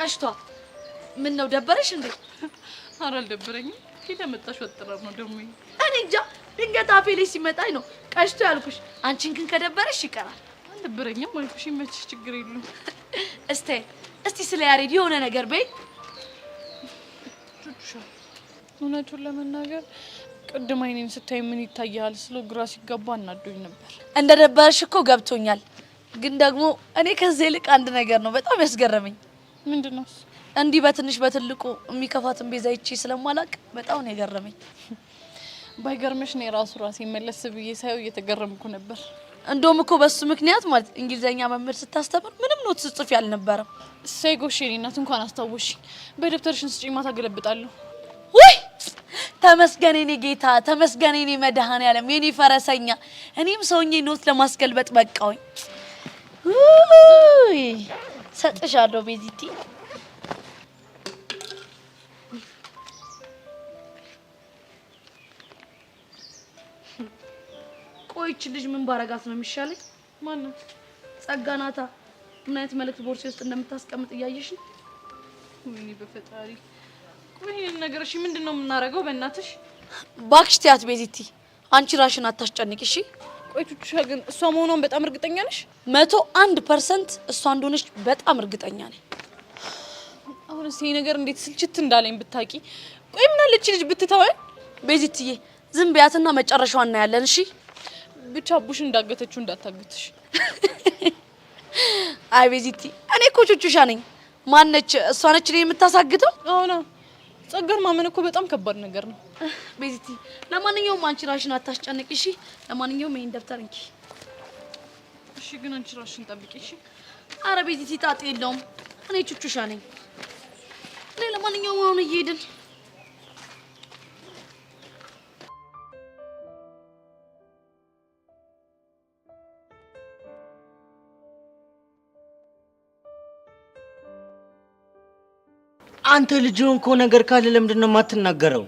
ቀሽቷል። ምን ነው ደበረሽ እንዴ? ኧረ አልደበረኝም። ፊት መጣሽ ወጥራ ነው ደግሞ እኔ እንጃ። ድንገት አፌ ላይ ሲመጣኝ ነው ቀሽቶ ያልኩሽ። አንቺን ግን ከደበረሽ ይቀራል። አልደበረኝም አልኩሽ። ይመችሽ፣ ችግር የለም። እስቲ እስቲ ስለ ያሬድ የሆነ ነገር በይ። እውነቱን ለመናገር ቅድም አይኔን ስታይ ምን ይታያል ስለ ግራ ሲገባ እናዶኝ ነበር። እንደ ደበረሽ እኮ ገብቶኛል። ግን ደግሞ እኔ ከዚህ ይልቅ አንድ ነገር ነው በጣም ያስገረመኝ ምንድን ነው እንዲህ በትንሽ በትልቁ የሚከፋትን ቤዛ ይቺ ስለማላቅ በጣም ነው የገረመኝ። ባይገርምሽ ነው የራሱ ራሴ መለስ ብዬ ሳየው እየተገረምኩ ነበር። እንደውም እኮ በሱ ምክንያት ማለት እንግሊዘኛ መምህር ስታስተምር ምንም ኖት ስጽፍ ያልነበረም። እሰይ ጎሽ የኔ እናት እንኳን አስታወሽኝ። በደብተርሽን ስጪኝ፣ ማታ ገለብጣለሁ። ውይ ተመስገን የኔ ጌታ፣ ተመስገን የኔ መድኃኔዓለም፣ የኔ ፈረሰኛ። እኔም ሰውኜ ኖት ለማስገልበጥ በቃውኝ። ሰጥሻለሁ ቤዚቲ። ቆይች ልጅ ምን ባረጋት ነው የሚሻለኝ? ማነው ጸጋ ናታ። ምን አይነት መልእክት ቦርሴ ውስጥ እንደምታስቀምጥ እያየሽ ነው። ወይኔ በፈጣሪ ቆይ ነገር እሺ፣ ምንድን ነው የምናደርገው? በእናትሽ ባክሽ፣ ትያት ቤዚቲ፣ አንቺ ራሽን አታስጨንቅ እሺ። ቆይ ግን እሷ መሆኗን በጣም እርግጠኛ ነሽ? መቶ አንድ ፐርሰንት እሷ እንደሆነች በጣም እርግጠኛ ነኝ። አሁን ይሄ ነገር እንዴት ስልችት እንዳለኝ ብታቂ። ቆይ ምን ልጅ ብትተወን። ቤዚትዬ ዝም ብያትና መጨረሻዋ እናያለን። እሺ ብቻ ቡሽ እንዳገተችው እንዳታገትሽ። አይ ቤዚቲ፣ እኔ እኮ ቹቹሻ ነኝ። ማነች? እሷ ነች እኔ የምታሳግተው አሁን ጸጋን ማመን እኮ በጣም ከባድ ነገር ነው። ቤዚቲ ለማንኛውም አንቺ ራሽን አታስጨንቅ እሺ። ለማንኛውም ይሄን ደብተር እንኪ እሺ። ግን አንቺ ራሽን ጠብቂ እሺ። አረ ቤዚቲ ጣጥ የለውም። እኔ ቹቹሻ ነኝ። ለማንኛውም አሁን እየሄድን አንተ ልጅ የሆንከው ነገር ካለ ለምንድን ነው የማትናገረው?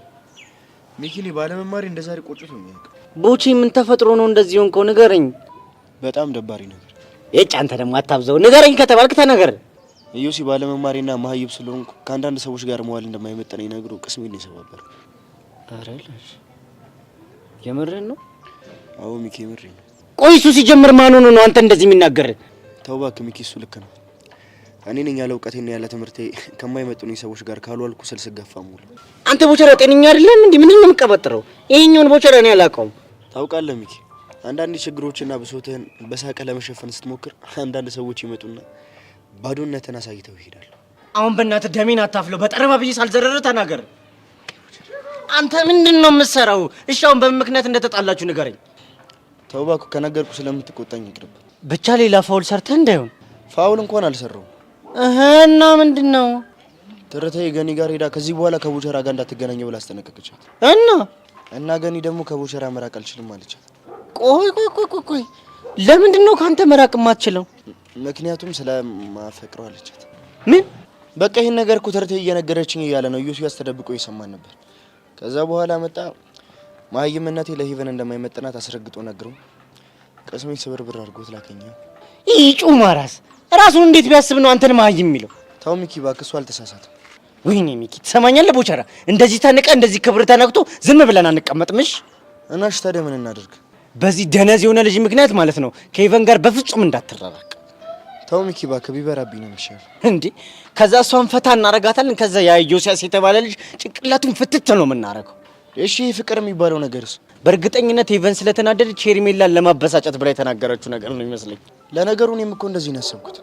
ሚኪኔ ባለመማሪ እንደ ዛሬ ቆጭቶ ነው ያውቅ። ቦቼ ምን ተፈጥሮ ነው እንደዚህ የሆንከው? ንገረኝ። በጣም ደባሪ ነገር የጭ። አንተ ደግሞ አታብዘው። ንገረኝ ከተባልክ ተነገር። እዮሲ ባለመማሪና መሀይብ ስለሆንኩ ከአንዳንድ ሰዎች ጋር መዋል እንደማይመጠነኝ ነግሮ ቅስሜን የሰባበር። ኧረ ልጅ የምርህን ነው? አዎ ሚኪ የምሬ ነው። ቆይ እሱ ሲጀምር ማን ሆኖ ነው አንተ እንደዚህ የሚናገር? ተው እባክህ ሚኪ፣ እሱ ልክ ነው። እኔ ነኝ ያለ እውቀቴና ያለ ትምህርቴ ከማይመጡኝ ሰዎች ጋር ካልዋልኩ ስልስ ስገፋ ሙሉ። አንተ ቦቸራ ጤነኛ አይደለም እንዴ? ምንድን ነው የምትቀበጥረው? ይሄኛውን ቦቸራ እኔ አላውቀውም። ታውቃለህ ሚኪ፣ አንዳንድ ችግሮችና ብሶትህን በሳቀ ለመሸፈን ስትሞክር አንዳንድ ሰዎች ይመጡና ባዶነትን አሳይተው ይሄዳሉ። አሁን በእናትህ ደሜን አታፍለው። በጠረባ ብዬ ሳልዘረረ ተናገር። አንተ ምንድን ነው የምትሰራው? እሺ አሁን በምን ምክንያት እንደተጣላችሁ ንገረኝ። ተው እባክህ፣ ከነገርኩ ስለምትቆጣኝ ይቅርብ። ብቻ ሌላ ፋውል ሰርተህ እንዳይሆን። ፋውል እንኳን አልሰራሁም። እና ምንድን ነው ትርታዬ ገኒ ጋር ሄዳ ከዚህ በኋላ ከቡቸራ ጋር እንዳትገናኘ ብላ አስጠነቀቀቻት። እና እና ገኒ ደግሞ ከቡቸራ መራቅ አልችልም አለቻት። ቆይ ቆይ ቆይ ቆይ ቆይ ለምንድን ነው ከአንተ መራቅ የማትችለው? ምክንያቱም ስለማፈቅረው አለቻት። ምን በቃ ይህን ነገር እኮ ትርታዬ እየነገረችኝ እያለ ነው እዩሱ ያስተደብቆ እየሰማን ነበር። ከዛ በኋላ መጣ ማህይምነቴ ለሂቨን እንደማይመጥናት አስረግጦ ነግሮ ቅስሜ ስብርብር አድርጎት ላከኛ ይጩ ማራስ ራሱን እንዴት ቢያስብ ነው አንተን ማይ የሚለው? ተው ሚኪ እባክህ፣ እሱ አልተሳሳትም። ወይኔ ሚኪ ትሰማኛለህ? ቦቸራ እንደዚህ ተንቀ እንደዚህ ክብር ተነክቶ ዝም ብለን አንቀመጥምሽ። እናሽ ታዲያ ምን እናደርግ? በዚህ ደነዝ የሆነ ልጅ ምክንያት ማለት ነው ከኢቨን ጋር በፍጹም እንዳትራራቅ። ተው ሚኪ እባክህ፣ ቢበራብኝ ነው የሚሻለው። እንዴ ከዛ እሷን ፈታ እናረጋታለን። ከዛ ያ ዮሲያስ የተባለ ልጅ ጭንቅላቱን ፍትት ነው የምናረገው። እሺ ፍቅር የሚባለው ነገርስ? በእርግጠኝነት ሄቨን ስለተናደደች ቼርሜላን ለማበሳጨት ብላ የተናገረችው ነገር ነው ይመስለኝ። ለነገሩ እኔም እኮ እንደዚህ ነሰብኩት።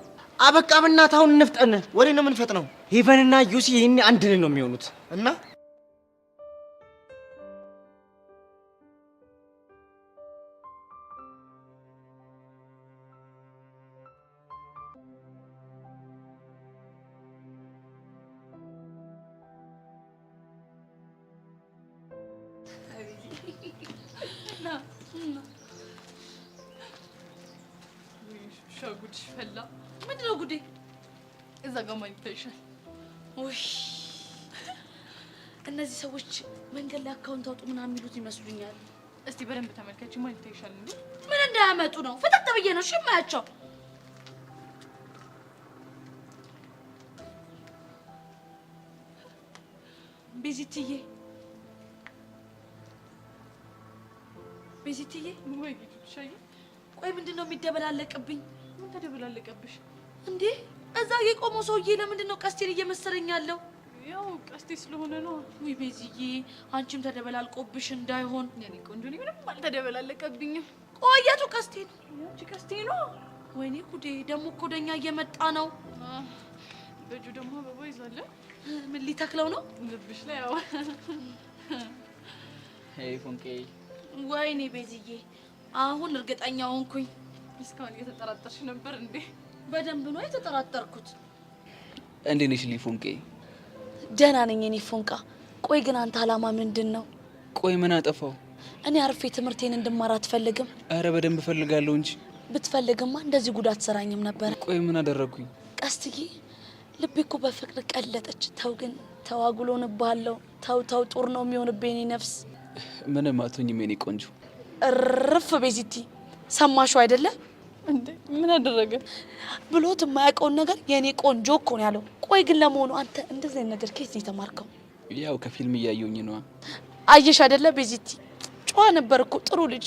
አበቃ በእናትህ አሁን እንፍጠን። ወዴ ነው የምንፈጥነው? ሄቨንና ዩሲ ይህኔ አንድን ነው የሚሆኑት እና ውሻ ጉድሽ ፈላ። ምንድን ጉዴ? እዛ ጋ ማን ይታይሻል? ውይ እነዚህ ሰዎች መንገድ ላይ አካውንት አውጡ ምናምን የሚሉት ይመስሉኛል። እስቲ በደንብ ተመልከች። ማን ይታይሻል? እንዲ ምን እንዳያመጡ ነው? ፍጥጥ ብዬ ነው ሽማያቸው ቤዚትዬ ቤዚትዬ፣ ቆይ ምንድን ነው የሚደበላለቅብኝ? ምን ተደበላለቀብሽ እንዴ? እዛ የቆመው ሰውዬ ለምንድን ነው ቀስቴን እየመሰለኝ ያለው? ያው ቀስቴ ስለሆነ ነው። ውይ ቤዝዬ፣ አንቺም ተደበላልቆብሽ እንዳይሆን። የኔ ቆንጆ፣ እኔ ምንም አልተደበላለቀብኝም። ቆየቱ ቀስቴ ነው፣ አንቺ ቀስቴ ነው። ወይኔ ጉዴ! ደግሞ እኮ ወደኛ እየመጣ ነው። በእጁ ደግሞ አበባ ይዛለ። ምን ሊተክለው ነው? ልብሽ ላይ ያው ሄይ ፎንቄ። ወይኔ ቤዝዬ፣ አሁን እርግጠኛ ሆንኩኝ። እስካሁን እየተጠራጠርሽ ነበር እንዴ? በደንብ ነው የተጠራጠርኩት። እንዴት ነሽ ሊፎንቄ? ደህና ነኝ የኔ ፎንቃ። ቆይ ግን አንተ አላማ ምንድን ነው? ቆይ ምን አጠፋው? እኔ አርፌ ትምህርቴን እንድማር አትፈልግም? አረ በደንብ እፈልጋለሁ እንጂ። ብትፈልግማ እንደዚህ ጉዳት ሰራኝም ነበር። ቆይ ምን አደረግኩኝ? ቀስትዬ ልቤ እኮ በፍቅር ቀለጠች። ተው ግን ተዋጉሎ ንባለው። ተው ተው፣ ጡር ነው የሚሆንብኝ የኔ ነፍስ። ምንም አትሆኝም የኔ ቆንጆ እርፍ ቤዚቲ ሰማሽው አይደለ? ምን አደረገ ብሎት የማያውቀውን ነገር የእኔ ቆንጆ እኮ ነው ያለው። ቆይ ግን ለመሆኑ አንተ እንደዚህ ነገር ከየት ነው የተማርከው? ያው ከፊልም እያየሁኝ ነዋ። አየሽ አይደለ? ቤዚቲ ጨዋ ነበር እኮ ጥሩ ልጅ።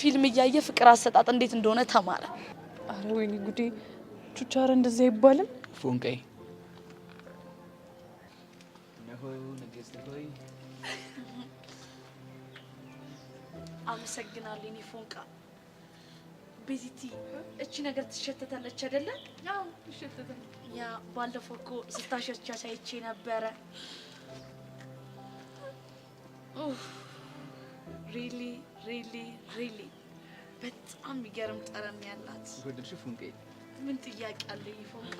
ፊልም እያየ ፍቅር አሰጣጥ እንዴት እንደሆነ ተማረ። አረ ወይኔ ጉዴ! ቹቻረ እንደዚህ አይባልም። ፎንቀይ አመሰግናለሁ። ኔ ፎንቃ ቤዚቲ እቺ ነገር ትሸተታለች አይደለ? ያው ትሸተታለች። ያ ባለፈው እኮ ስታሸቻ ሳይቼ ነበረ። ሪሊ ሪሊ ሪሊ በጣም የሚገርም ጠረም ያላት ወደድሽ ፉንቄ? ምን ጥያቄ አለኝ ፎንቃ?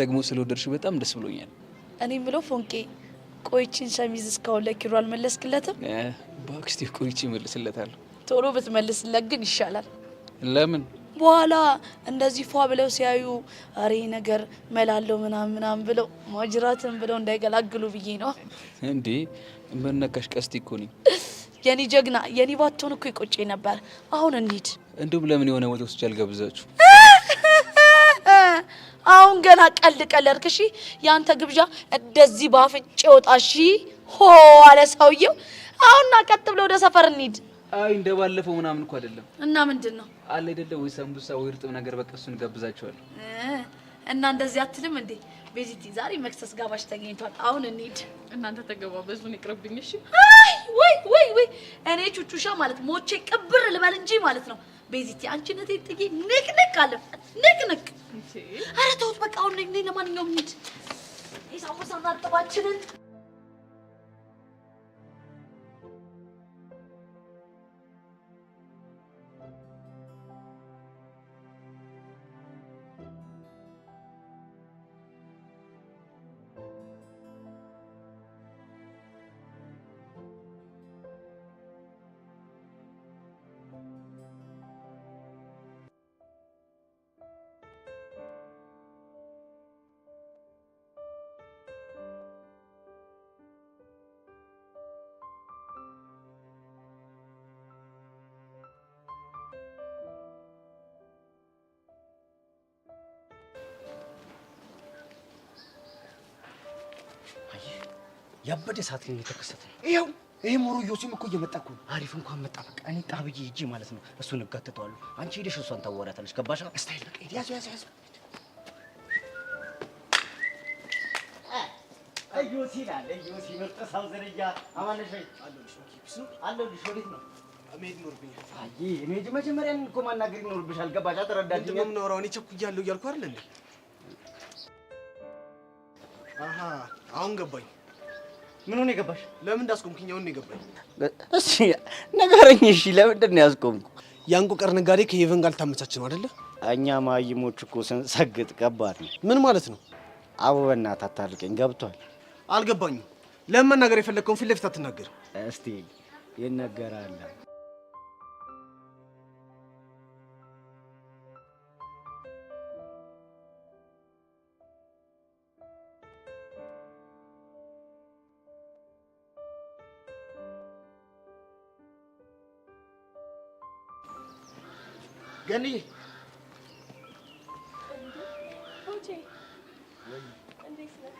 ደግሞ ስለወደድሽ በጣም ደስ ብሎኛል። እኔ ምለው ፎንቄ ቆይችን ሸሚዝ እስካሁን ለኪሮ አልመለስክለትም? ባክስቲ ቆይቺ መልስለታለሁ። ቶሎ ብትመልስለት ግን ይሻላል። ለምን በኋላ እንደዚህ ፏ ብለው ሲያዩ አሬ ነገር መላለው ምናም ምናም ብለው ማጅራትን ብለው እንዳይገላግሉ ብዬ ነው። እንዴ መነካሽ? ቀስት እኮ ነኝ የኔ ጀግና። የኔ ባትሆን እኮ ይቆጨኝ ነበር። አሁን እንሂድ። እንዲሁም ለምን የሆነ ወጥ ውስጥ ያልጋብዛችሁ? አሁን ገና ቀልድ ቀለድክ። እሺ ያንተ ግብዣ እንደዚህ ባፍንጭ ወጣ። እሺ ሆ አለ ሰውየው። አሁንና ቀጥ ብለው ወደ ሰፈር እንሂድ። አይ እንደባለፈው ምናምን እኮ አይደለም። እና ምንድን ነው አለ አይደለ ወይ ሳምቡሳ ወይ እርጥብ ነገር በቃ እሱን ጋብዛቸዋለሁ። እና እንደዚህ አትልም እንዴ ቤዚቲ? ዛሬ መክሰስ ጋባሽ ተገኝቷል። አሁን እንሂድ። እናንተ ተገባ በዙን ይቅርብኝ። እሺ አይ ወይ ወይ ወይ እኔ ቹቹሻ ማለት ሞቼ ቅብር ልበል እንጂ ማለት ነው። ቤዚቲ አንቺ ነቴ ጥዬ ንቅንቅ አለ ንቅንቅ። አረ ተውት በቃ አሁን ለማንኛውም እንሂድ። ይሳሙሳ እናጥባችንን ያበደ ሰዓት ላይ የተከሰተ ነው። ይኸው ይሄ ሞሮ ዮሲም እኮ እየመጣ እኮ ነው። አሪፍ እንኳን መጣ። በቃ እኔ ጣብዬ ሂጂ ማለት ነው። እሱን እጋተተዋለሁ። አንቺ ሄደሽ እሷን ታዋራታለሽ። ገባሽ? እስታይል በቃ ሂድ። ያዙ፣ ያዙ፣ ያዙ። ዮሲ ላለ ዮሲ ምርጥ ሰው ዝርያ። አማነሽ አለሁልሽ። ወዴት ነው ነው አሁን ገባኝ። ምን ሆነ የገባሽ? ለምን እንዳስቆምኩኝ አሁን ነው የገባኝ። እሺ ንገረኝ። እሺ ለምንድን ነው ያስቆምኩ? የአንቆቀር ነጋዴ ከሄቨን ጋር ልታመቻች ነው አይደለ? እኛ ማይሞች እኮ ስንሰግጥ ከባድ ነው። ምን ማለት ነው? አበበና ታታልቀኝ ገብቷል። አልገባኝም። ለምን መናገር የፈለግከውን ፊት ለፊት አትናገር። እስቲ ይነገራል ገንዬ እንዴት ነህ?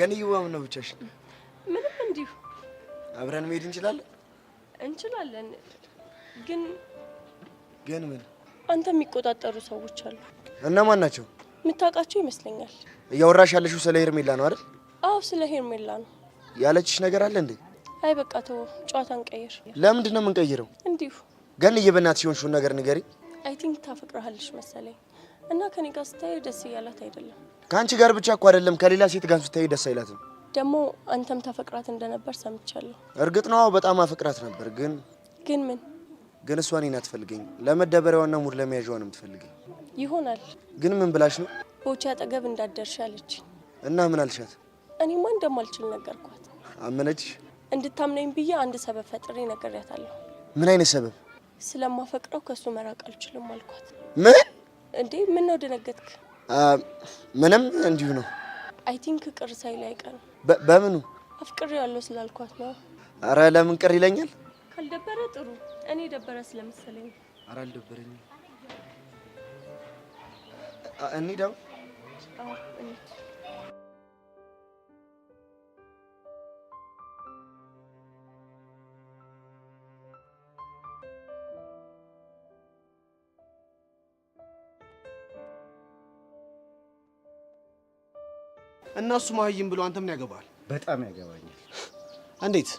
ገንዬ ዋምነው ብቻሽን ምንም እንዲሁ አብረን መሄድ እንችላለን እንችላለን። ግን ግን ምን አንተ የሚቆጣጠሩ ሰዎች አሉ። እነማን ናቸው? የምታውቃቸው ይመስለኛል። እያወራሽ ያለሽው ስለ ሄርሜላ ነው አይደል? አዎ ስለ ሄርሜላ ነው። ያለችሽ ነገር አለ እንዴ? አይ በቃ ተው፣ ጨዋታን ቀይር ለምንድን ነው የምንቀይረው? እንዲሁ ገን ሲሆን የሆንሽውን ነገር ንገሪ። አይ ቲንክ ታፈቅረሃለሽ መሰለኝ እና ከኔ ጋር ስታይ ደስ እያላት አይደለም ከአንቺ ጋር ብቻ እኮ አይደለም ከሌላ ሴት ጋር ስታይ ደስ አይላትም። ደግሞ አንተም ተፈቅራት እንደነበር ሰምቻለሁ። እርግጥ ነው በጣም አፈቅራት ነበር። ግን ግን ምን ግን እሷ እኔን አትፈልገኝ፣ ለመደበሪያዋና ሙድ ለመያዣዋ ነው የምትፈልገኝ ይሆናል። ግን ምን ብላሽ ነው? ቦቼ አጠገብ እንዳደርሽ አለች እና ምን አልሻት? እኔማ እንደማልችል ነገርኳት። አመነች? እንድታምነኝ ብዬ አንድ ሰበብ ፈጥሬ ነግሬያታለሁ። ምን አይነት ሰበብ? ስለማፈቅረው ከእሱ መራቅ አልችልም አልኳት። ምን እንዴ? ምን ነው ደነገጥክ? ምንም እንዲሁ ነው። አይ ቲንክ ቅር ሳይል አይቀርም። በምኑ አፍቅር ያለው ስላልኳት ነው። አረ ለምን ቅር ይለኛል? ካልደበረ ጥሩ። እኔ ደበረ ስለመሰለኝ። አረ አልደበረኝም። እንሂድ አሁን እነሱ ማህይም ብሎ አንተ ምን ያገባል? በጣም ያገባኛል። እንዴት?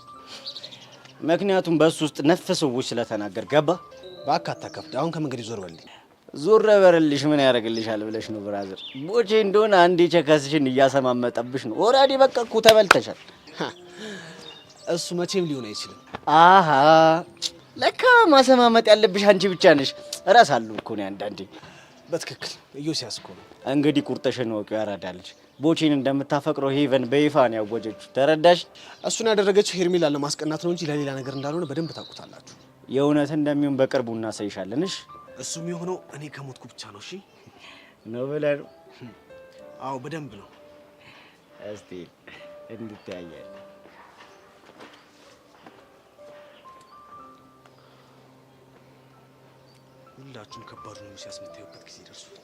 ምክንያቱም በሱ ውስጥ ነፍ ሰዎች ስለተናገር ገባ። በአካታ ከፍት አሁን ከመንገድ ዞር በልኝ። ዞር በልሽ ምን ያደርግልሻል ብለሽ ነው ብራዘር። ቦቼ እንደሆነ አንዴ ቸከስሽን እያሰማመጠብሽ ነው። ኦልሬዲ በቃ እኮ ተበልተሻል። እሱ መቼም ሊሆን አይችልም። አሀ ለካ ማሰማመጥ ያለብሽ አንቺ ብቻ ነሽ። እራስ እኮ ነው አንዳንዴ። በትክክል እዩ ሲያስኮ እንግዲህ ቁርጠሽን ወቂው ያራዳልሽ ቦቼን እንደምታፈቅረው ሄቨን በይፋ ነው ያወጀችው። ተረዳሽ? እሱን ያደረገችው ሄርሜላ ለማስቀናት ነው እንጂ ለሌላ ነገር እንዳልሆነ በደንብ ታውቁታላችሁ። የእውነት እንደሚሆን በቅርቡ እናሳይሻለንሽ። እሱም የሆነው እኔ ከሞትኩ ብቻ ነው። እሺ ነው ብለን? አዎ በደንብ ነው። እስቲ እንድታያለን። ሁላችሁም ከባዱ ነው ሲያስመታዩበት ጊዜ ደርሷል።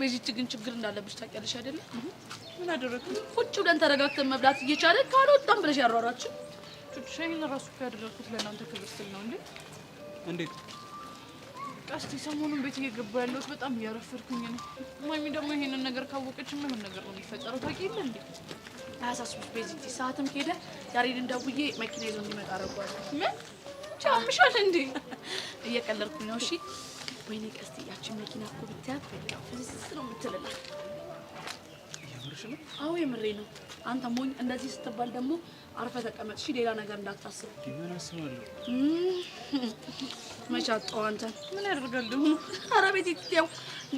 በዚች ግን ችግር እንዳለብሽ ታውቂያለሽ አይደለ? ምን አደረግኩ? ቁጭ ብለን ተረጋግተን መብላት እየቻለ ካልወጣም ብለሽ ያሯሯችን ቹቹ። ይሄን ራሱ እኮ ያደረግኩት ለእናንተ ክብር ስል ነው እንዴ። እንዴት ቀስቲ፣ ሰሞኑን ቤት እየገባ ያለሁት በጣም እያረፈድኩኝ ነው። ማሚ ደግሞ ይሄንን ነገር ካወቀች ምን ነገር ነው የሚፈጠረው? ታውቂ የለ እንዴ። አያሳስብሽ ቤዚቲ፣ ሰዓትም ከሄደ ያሬድን እንደውዬ መኪና ይዞ እንዲመጣ አደርገዋለሁ። ምን ቻምሻል እንዴ? እየቀለድኩኝ ነው። እሺ። ወይኔ ቀስቲ፣ ያችን መኪና እኮ ብታያት በላው አትልም። አዎ የምሬ ነው። አንተ ሞኝ እንደዚህ ስትባል ደግሞ አርፈ ተቀመጥ። እሺ ሌላ ነገር እንዳታስብ። ምን አስባለሁ? መቻጣው አንተ ምን ያደርጋል ደግሞ። ኧረ ቤት ይትያው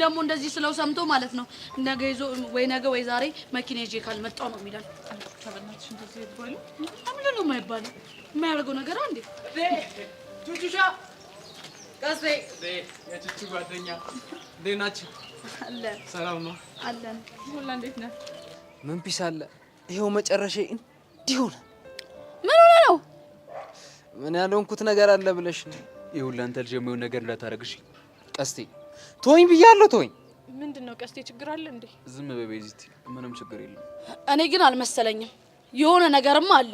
ደግሞ እንደዚህ ስለው ሰምቶ ማለት ነው። ነገ ይዞ ወይ ነገ ወይ ዛሬ መኪና ይዤ ካልመጣሁ ነው የሚላል። ተበናትሽ እንደዚህ ይባሉ አምልሎ የማይባለው የማያደርገው ነገር አንዴ ቱቹሻ ቀሴ የችቹ ጓደኛ እንዴት አለን። ሰላም ነው? አለን። ሁላ እንዴት አለ። ይኸው መጨረሻ እንዲሁ ነው። ምን ሆነ ነው? ምን ያለውንኩት ነገር አለ ብለሽ ነው? ይሁን ለአንተ ልጅ የሚሆን ነገር እንዳታደርግሽ ቀስቴ። ተወኝ ብያለሁ፣ ተወኝ። ምንድን ነው ቀስቴ? ችግር አለ እንዴ? ዝም በቤዚት ምንም ችግር የለም። እኔ ግን አልመሰለኝም። የሆነ ነገርም አለ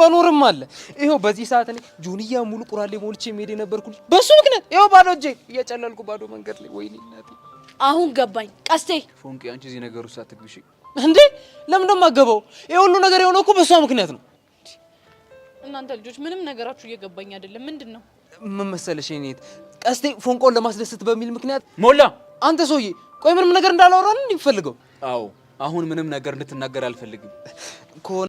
መኖርም አለ። ይኸው በዚህ ሰዓት ላይ ጆንያ ሙሉ ቁራሌ ሞልቼ የሚሄድ የነበርኩ በሱ ምክንያት ይኸው ባዶ እጄን እያጨለልኩ ባዶ መንገድ ላይ ወይኔ እናቴ። አሁን ገባኝ። ቀስቴ ፎንቄ፣ አንቺ እዚህ ነገር ውስጥ አትግብሽ እንዴ! ለምን ደሞ አገባው? ይሄ ሁሉ ነገር የሆነ እኮ በሷ ምክንያት ነው። እናንተ ልጆች ምንም ነገራችሁ እየገባኝ አይደለም። ምንድን ነው ምን መሰለሽ፣ እኔት ቀስቴ ፎንቆን ለማስደሰት በሚል ምክንያት ሞላ፣ አንተ ሰውዬ፣ ቆይ ምንም ነገር እንዳላወራን እንዲፈልገው አዎ አሁን ምንም ነገር እንድትናገር አልፈልግም።